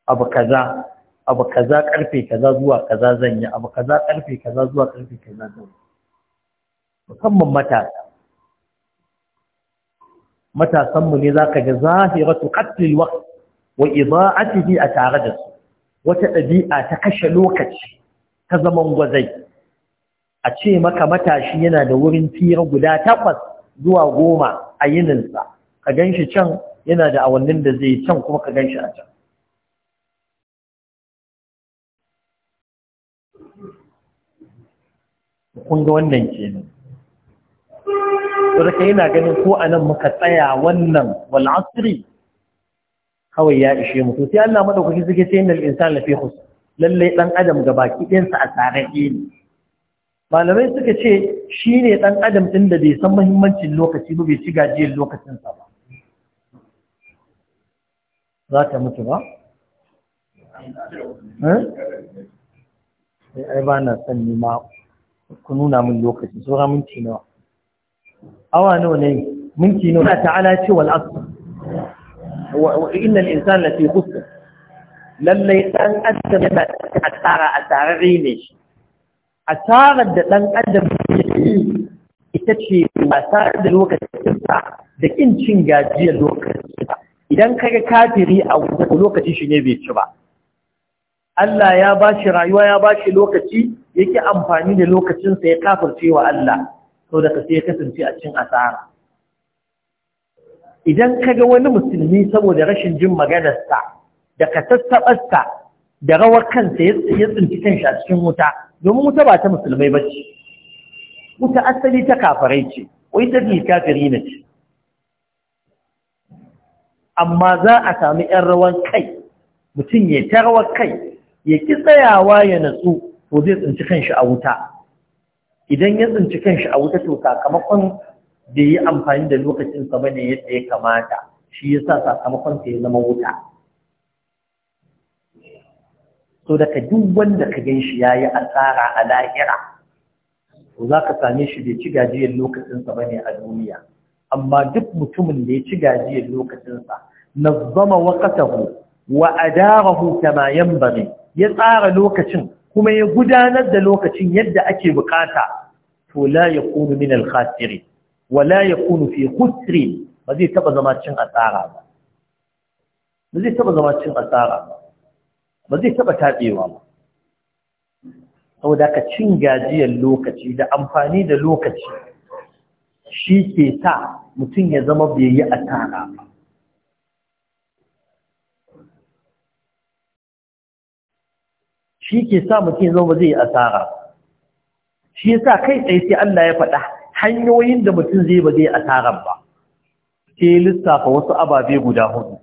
abu kaza abu kaza karfe kaza zuwa kaza zan yi abu kaza karfe kaza zuwa karfe kaza zan yi musamman matasa matasanmu ne zaka ga zahiratu qatlil waqt wa idza'atihi a tare da su wata ɗabi'a ta kashe lokaci ta zaman gwazai a ce maka matashi yana da wurin fira guda takwas zuwa goma a yininsa ka gan shi can yana da awannin da zai can kuma ka gan shi a can kun ga wannan kenan kai yana ganin ko anan muka tsaya wannan wal asri kawai ya ishe mu to sai Allah madaukaki suke ce innal insana lafi khus lalle dan adam gabaki din sa a tsare ne malamai suka ce shine dan adam din da bai san muhimmancin lokaci ba bai ci gajiyar lokacin sa ba za ta mutu ba eh, eh ai ba na san ni ma ku nuna min lokaci so minti nawa awa nawa ne minti nawa ta'ala ce wal asr wa innal insana lafi khusr lallai dan adam yana asara asararre ne shi asarar da ɗan adam ita ce wasa da lokacin da kin cin gajiyar lokacin idan kaga kafiri a lokaci shi ne bai ci ba Allah ya bashi rayuwa ya bashi lokaci ya ƙi amfani da lokacinsa ya kafirce wa Allah sau da sai ya kasance a cin asara idan kaga wani musulmi saboda rashin jin maganarsa da kasassaɓarsa da rawar kansa ya tsinci kanshi a cikin wuta domin wuta ba ta musulmai ba ce wuta asali ta kafarai ce wai ta fi kafiri ne ce amma za a sami ‘yan rawar kai mutum ya ta rawar kai ya ki tsayawa ya natsu to zai tsinci kanshi a wuta idan ya tsinci kanshi a wuta to sakamakon bai yi amfani da lokacinsa ba ne yadda ya kamata shi ya sa sakamakonsa ya zama wuta so daga duk wanda ka gan shi ya yi asara a lahira to za ka same shi bai ci gajiyar lokacinsa ba a duniya amma duk mutumin da ya ci gajiyar lokacinsa nazzama waqtahu wa adarahu kama yanbaghi ya tsara lokacin kuma ya gudanar da lokacin yadda ake bukata to la yakunu min al-khasirin wala ya kunu fi khusrin ba zai taba zama cin asara ba ba zai taba zama cin asara ba ba zai taba tabewa ba saboda ka cin gajiyar lokaci da amfani da lokaci shi ke sa mutum ya zama bai yi asara ba shi ke sa mutum ya zama ba zai yi asara shi ya sa kai tsaye sai Allah ya faɗa hanyoyin da mutum zai ba zai taron ba ke lissafa wasu ababe guda hudu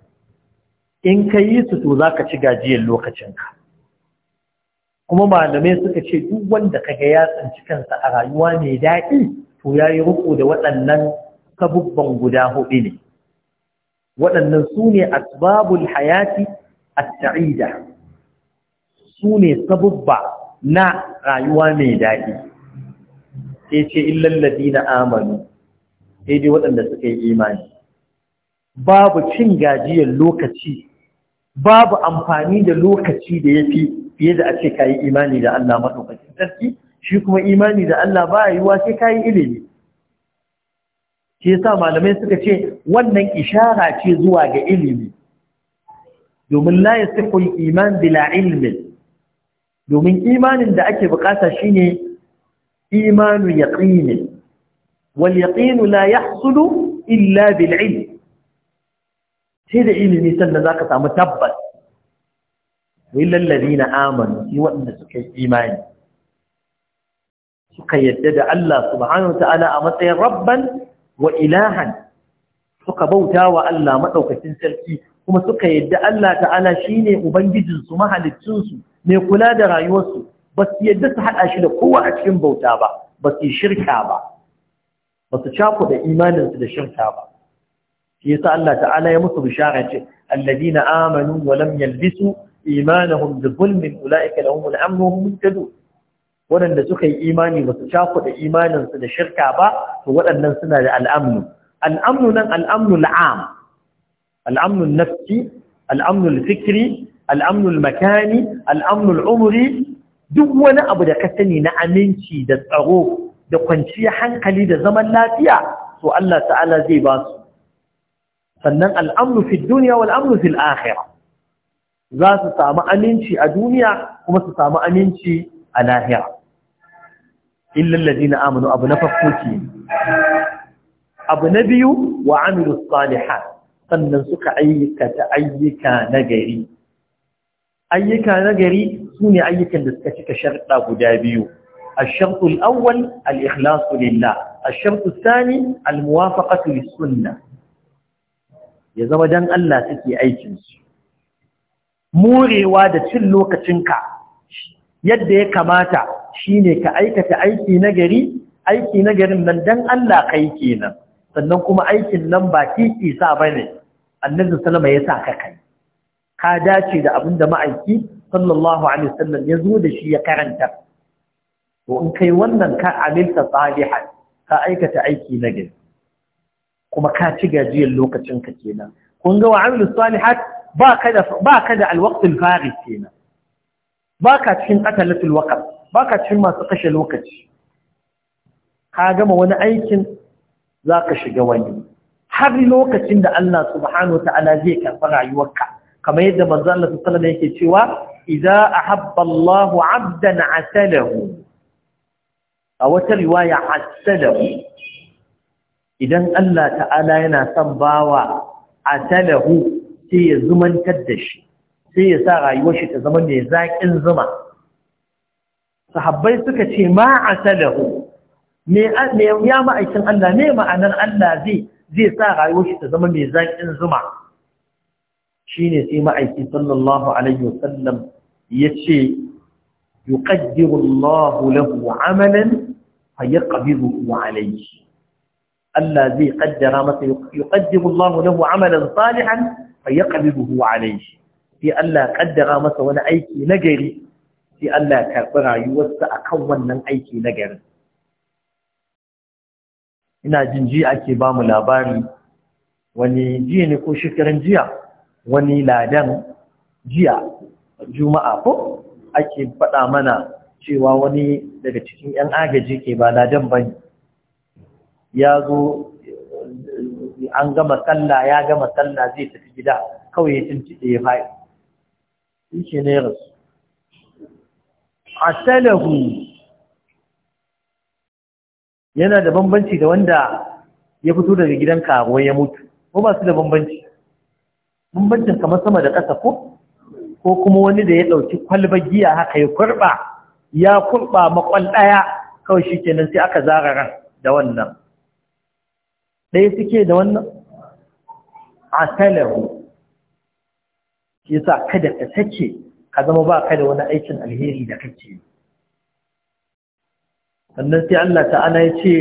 in ka yi su to za ka ci gajiyar lokacinka kuma malamai suka ce duk wanda ka ya tsinci kansa a rayuwa mai daɗi to ya yi riko da waɗannan sabubban guda hudu ne waɗannan su ne asbabul hayati as-sa'ida su ne sabubba na rayuwa mai daɗi sai ce illal na amanu sai dai waɗanda suka yi imani babu cin gajiyar lokaci babu amfani da lokaci da yafi fiye da a ce kayi imani da Allah madaukakin sarki shi kuma imani da Allah ba yiwa sai kayi ilimi Ke sa malamai suka ce wannan ishara ce zuwa ga ilimi domin la yasiqul iman bila ilimi, domin imanin da ake bukata shine imanu yaqini wal yaqinu la yahsulu illa bil ilm sai da ilimi sannan zaka samu tabbas illal na amanu shi wanda suka yi imani suka yadda da Allah subhanahu ta'ala a matsayin rabban wa ilahan suka bauta wa Allah madaukakin sarki kuma suka yadda Allah ta'ala shine su mahalicinsu mai kula da rayuwarsu ba su yadda su haɗa shi da kowa a cikin bauta ba ba su yi shirka ba ba su cakuɗa imaninsu da shirka ba shi yasa Allah ta'ala ya musu bishara ce alladina amanu wa lam yalbisu imanahum bi zulmin ulaika lahum al-amn wa hum muhtadun waɗanda suka yi imani ba su cakuɗa imaninsu da shirka ba to waɗannan suna da al'amnu al'amnu nan al'amnu al'am al'amnu nafsi al'amnu fikri al'amnu makani al'amnu al'umri duk wani abu da ka sani na aminci da tsaro da kwanciya hankali da zaman lafiya to Allah ta'ala zai ba su sannan al'amru fi duniya wal amru fil akhirah za su samu aminci a duniya kuma su samu aminci a lahira illa alladhina amanu abu na farko abu na biyu wa amilu salihat sannan suka ayyuka ta ayyuka nagari ayyuka na gari su ne ayyukan da suka cika sharɗa guda biyu الشرط الأول الإخلاص لله الشرط الثاني الموافقة للسنة يزوى دان الله تكي أيكنس موري وادة تلو كتنكا يدي كماتا شيني كأيكة أيكي نجري أيكي نجري من دان الله كيكينا sannan kuma aikin nan ba kiki sa bane annabi sallama ya sa ka kai ka dace da abin da ma'aiki sallallahu alaihi wasallam ya zo da shi ya karanta to in kai wannan ka amilta salihan ka aikata aiki na gari kuma ka ci gajiyar lokacin ka kenan kun ga wa amilu salihat ba kada da ba ka alwaqtul farid kenan ba ka cikin qatalatul waqt ba ka cikin masu kashe lokaci ka gama wani aikin Za ka shiga wani har lokacin da Allah subhanahu wa ta'ala zai karɓi rayuwarka kamar yadda manzo Allah sallallahu alaihi yake cewa idza ahabba Allahu 'abdan Atalahu a wata riwaya Atalahu, idan Allah ta'ala yana son bawa Atalahu sai ya zumantar da shi sai ya sa rayuwar shi ta zama mai zaƙin zuma sahabbai suka ce ma Atalahu, me ya ma'aikin Allah me ma'anar Allah zai zai sa rayuwar shi ta zama mai zaƙin zuma shine sai ma'aiki sallallahu alaihi wasallam yace yuqaddiru Allahu lahu amalan fayaqbiduhu alayhi Allah zai kaddara masa yuqaddiru Allahu lahu amalan salihan fayaqbiduhu alayhi sai Allah ƙaddara masa wani aiki nagari sai Allah ya karbi rayuwarsa akan wannan aiki nagari ina jin ji ake ba mu labari wani jiya ne ko shekarun jiya wani ladan jiya juma'a ko ake faɗa mana cewa wani daga cikin 'yan agaji ke ba ladan ba ya zo an gama sallah ya gama sallah zai tafi gida kawai ya cinci ya faɗi shi ne rasu asalahu yana da bambanci da wanda ya fito daga gidan karuwa ya mutu ko ba su da bambanci bambancin kamar sama da ƙasa ko ko kuma wani da ya ɗauki kwalba giya haka ya kurɓa ya kurɓa makon ɗaya kawai shi kenan sai aka zarara da wannan ɗaya suke da wannan asalahu shi sa kada ka sake ka zama ba ka wani aikin alheri da kake sannan sai Allah ta'ala ya ce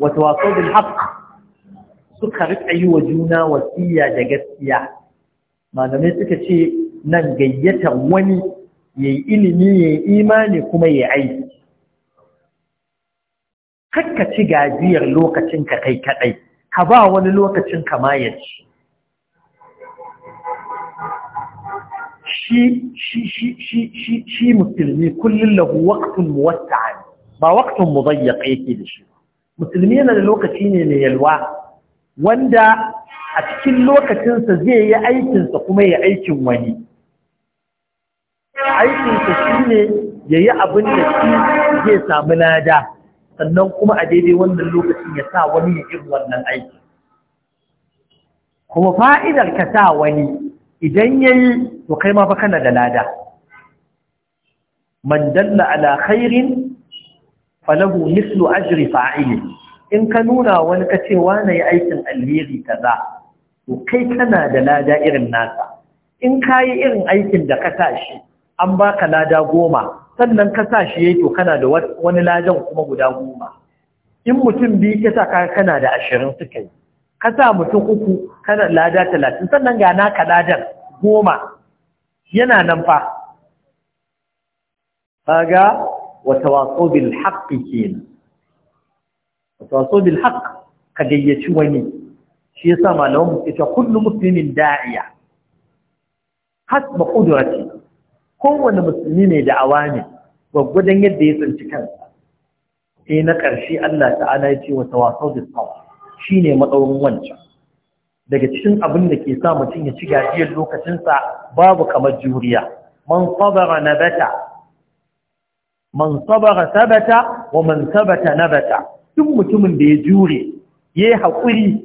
wata wasu bil suka riƙa yi wa juna wasiya da gaskiya malamai suka ce nan gayyatar wani ya yi ilimi ya yi imani kuma ya aiki ka ci gajiyar lokacinka kai kaɗai, ka ba wani lokacin kama ya ci shi shi shi shi shi musulmi kullum lahu waqtun muwatta'an ba waqtun mudayyiq yake da shi musulmi yana da lokaci ne mai yalwa wanda a cikin lokacinsa zai yi aikinsa kuma ya aikin wani aikinsa shi ne ya yi abin da shi zai samu lada sannan kuma a daidai wannan lokacin ya sa wani ya yi wannan aiki kuma fa'idar ka sa wani idan ya yi to kai ma fa kana da lada man dalla ala khairin falahu mislu ajri fa'ili in ka nuna wani ka ce yi aikin alheri kaza to kai kana da lada irin nasa in kayi irin aikin da ka sa an baka lada goma sannan ka sa shi yayi to kana da wani ladan kuma guda goma in mutum biyu ka sa ka kana da ashirin suka yi ka sa mutum uku kana lada talatin sannan ga naka ladan goma yana nan fa kaga wata bil haqqi bil ka gayyaci wani shi yasa malamin ita kullu muslimin da'iya hasba qudrati kowanne musulmi ne da awani gwaggwadon yadda ya tsinci kansa sai na ƙarshe Allah ta'ala ya ce wa tawassul bis tsawa shine matsawon wancan daga cikin abin da ke sa mutum ya ci gajiyar sa babu kamar juriya man sabara nabata man sabara sabata wa man sabata nabata duk mutumin da ya jure yayi yi haƙuri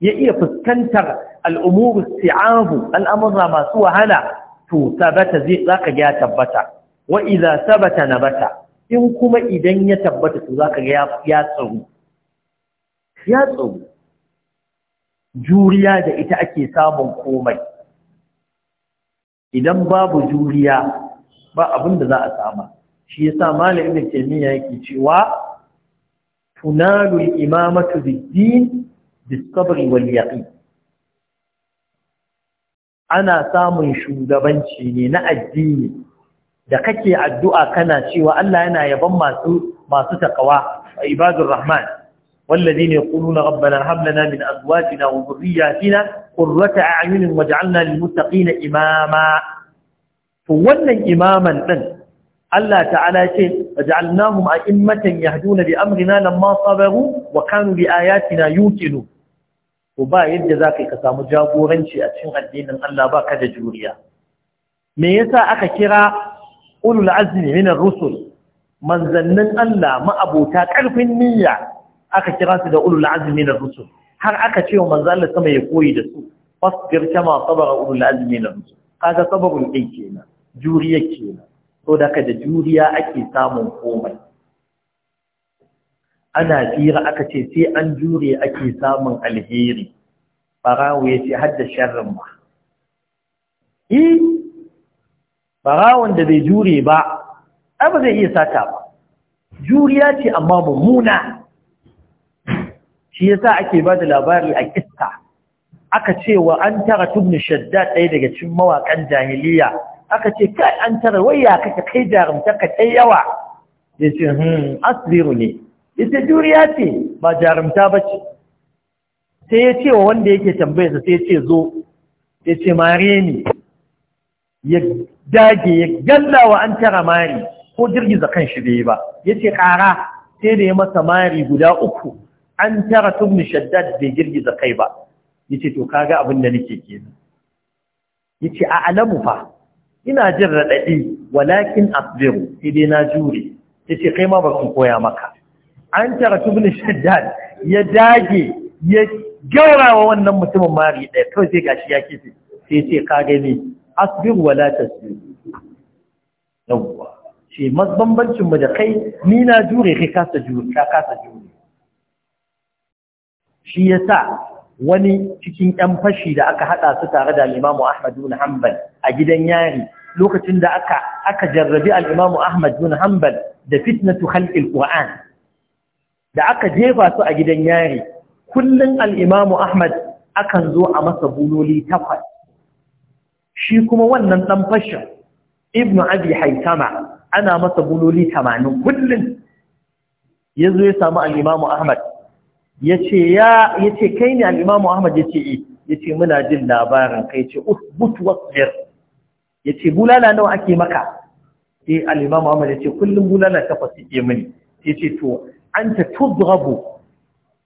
ya iya fuskantar al'umuru si'abu al'amurra masu wahala to tabbata zai zaka ga ya tabbata wa idza sabata bata? in kuma idan ya tabbata to zaka ga ya tsaro ya tsaro juriya da ita ake samun komai idan babu juriya ba abin da za a sama shi yasa malamin da ke yake cewa tunalul imamatu da بالصبر واليقين ana samun shugabanci ne na addini da kake addu’a kana cewa Allah yana yaban masu masu taƙawa a ibadun rahman wallazi ne ƙunu na rabbanar hamlana min azuwaji na wuburiyyafina ƙurrata a ayyunin waje'an na limutaƙi na imama to wannan imaman ɗin Allah ta'ala ce waje'an namun a immatan yahduna bi amrina lamma sabaru wa kanu bi ayatina ko ba yadda za ka yi ka samu jagoranci a cikin addinin Allah ba ka da juriya me yasa aka kira ulul azmi min rusul manzannin Allah ma'abota karfin niyya aka kira su da ulul azmi min rusul har aka ce wa manzo Allah sama ya koyi da su fasbir kama sabara ulul azmi min rusul kaga sabarun din kenan juriya kenan to da ka da juriya ake samun komai ana tsira aka ce sai an jure ake samun alheri barawo ya ce hadda sharrin ba yi barawon da bai jure ba ai ba zai iya sata ba juriya ce amma mummuna shi yasa ake ba da labari a kista? aka ce wa an tara tubni nishadda ɗaya daga cikin mawaƙan jahiliya aka ce kai an tara waya kake kai jarumta ka kai yawa ya ce hmm asbiru ne ita juriya ce ba jarumta ba ce sai ya ce wa wanda yake tambayarsa sai ya ce zo ya ce mare ne ya dage ya galla wa an tara mari ko girgiza kan shi bai ba ya ce ƙara sai da ya masa mari guda uku an tara tun shaddad bai girgiza kai ba ya ce to kaga abin da nake kenan ya ce a alamu fa ina jin raɗaɗi walakin asbiru sai dai na jure ya ce kai ma ba koya maka an tara tubin shaddad ya dage ya gaurawa wannan mutumin mari ɗaya kawai sai gashi ya kifi sai ce ka gani asbir wala tasbir yawwa shi mabambancin mu da kai ni na jure kai kasa jure ka kasa jure shi yasa wani cikin ƴan fashi da aka haɗa su tare da imam Ahmad bin Hanbal a gidan yari lokacin da aka aka jarrabi al-Imam Ahmad bin Hanbal da fitnatu khalqil Qur'an da aka jefa su a gidan yari kullum al'imamu Ahmad akan zo a masa buloli takwas shi kuma wannan ɗan fashin Ibn abi haitama ana masa buloli tamanin kullum ya zo ya samu al'imamu Ahmad ya ce kai ne al'imamu Ahmad ya ce eh. ya ce muna jin labarin kai ce usbut wasbir ya ce bulala nawa ake maka sai eh, al'imamu Ahmad ya ce kullum bulala takwas ya ce to anta tudrabu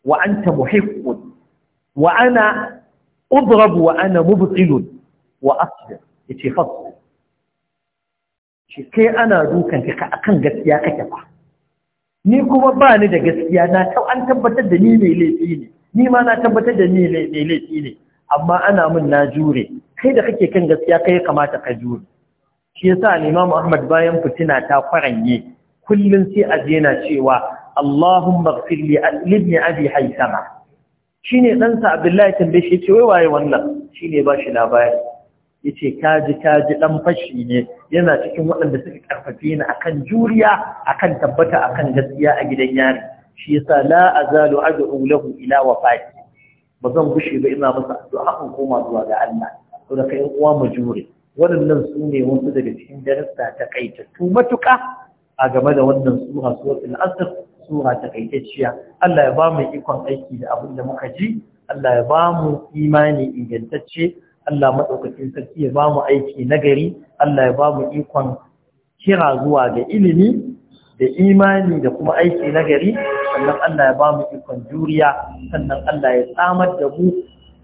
wa anta muhibbun wa ana udrabu wa ana mubtilun wa asbir yace fasbir shi kai ana dukan ka akan gaskiya kake fa. ni kuma ba ni da gaskiya na an tabbatar da ni mai laifi ne ni ma na tabbatar da ni mai laifi ne amma ana min na jure kai da kake kan gaskiya kai kamata ka jure shi yasa al-Imam Ahmad bayan fitina ta kwaranye kullun sai a je na cewa Allahumma ighfir li ibn abi haythama shine ne ɗansa Abdullahi tambaye shi ce wai waye wannan shine ba shi labari yace kaji kaji dan fashi ne yana cikin waɗanda suka karfafe ni akan juriya akan tabbata akan gaskiya a gidan yari shi yasa la azalu ad'u lahu ila Ba zan gushe ba ina masa addu'a in koma zuwa ga Allah saboda kai uwa mu jure waɗannan su ne wasu daga cikin darasta ta tu matuƙa a game da wannan suha suwatul asr ta takaitacciya Allah ya ba mu ikon aiki da abin da muka ji Allah ya ba mu imani ingantacce Allah maɗaukacin sarki ya ba mu aiki nagari Allah ya ba mu ikon kira zuwa ga ilimi da imani da kuma aiki nagari sannan Allah ya ba mu ikon juriya sannan Allah ya samar da mu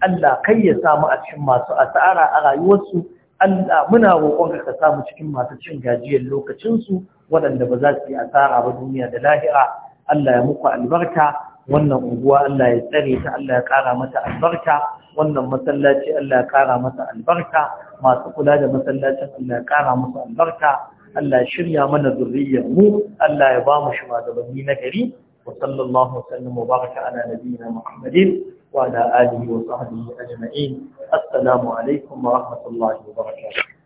Allah kai ya samu a cikin masu asara a rayuwarsu Allah muna roƙon ka samu cikin masu cin gajiyar lokacinsu waɗanda ba za su yi asara ba duniya da lahira Allah ya muku albarka wannan unguwa Allah ya tsare ta Allah ya kara mata albarka wannan masallaci Allah ya kara mata albarka masu kula da masallacin Allah ya kara musu albarka Allah ya shirya mana zuriyar mu Allah ya ba mu shugabanni na gari wa sallallahu wasallam wa baraka ala nabiyyina Muhammadin wa ala alihi wa sahbihi ajma'in assalamu alaikum wa rahmatullahi wa barakatuh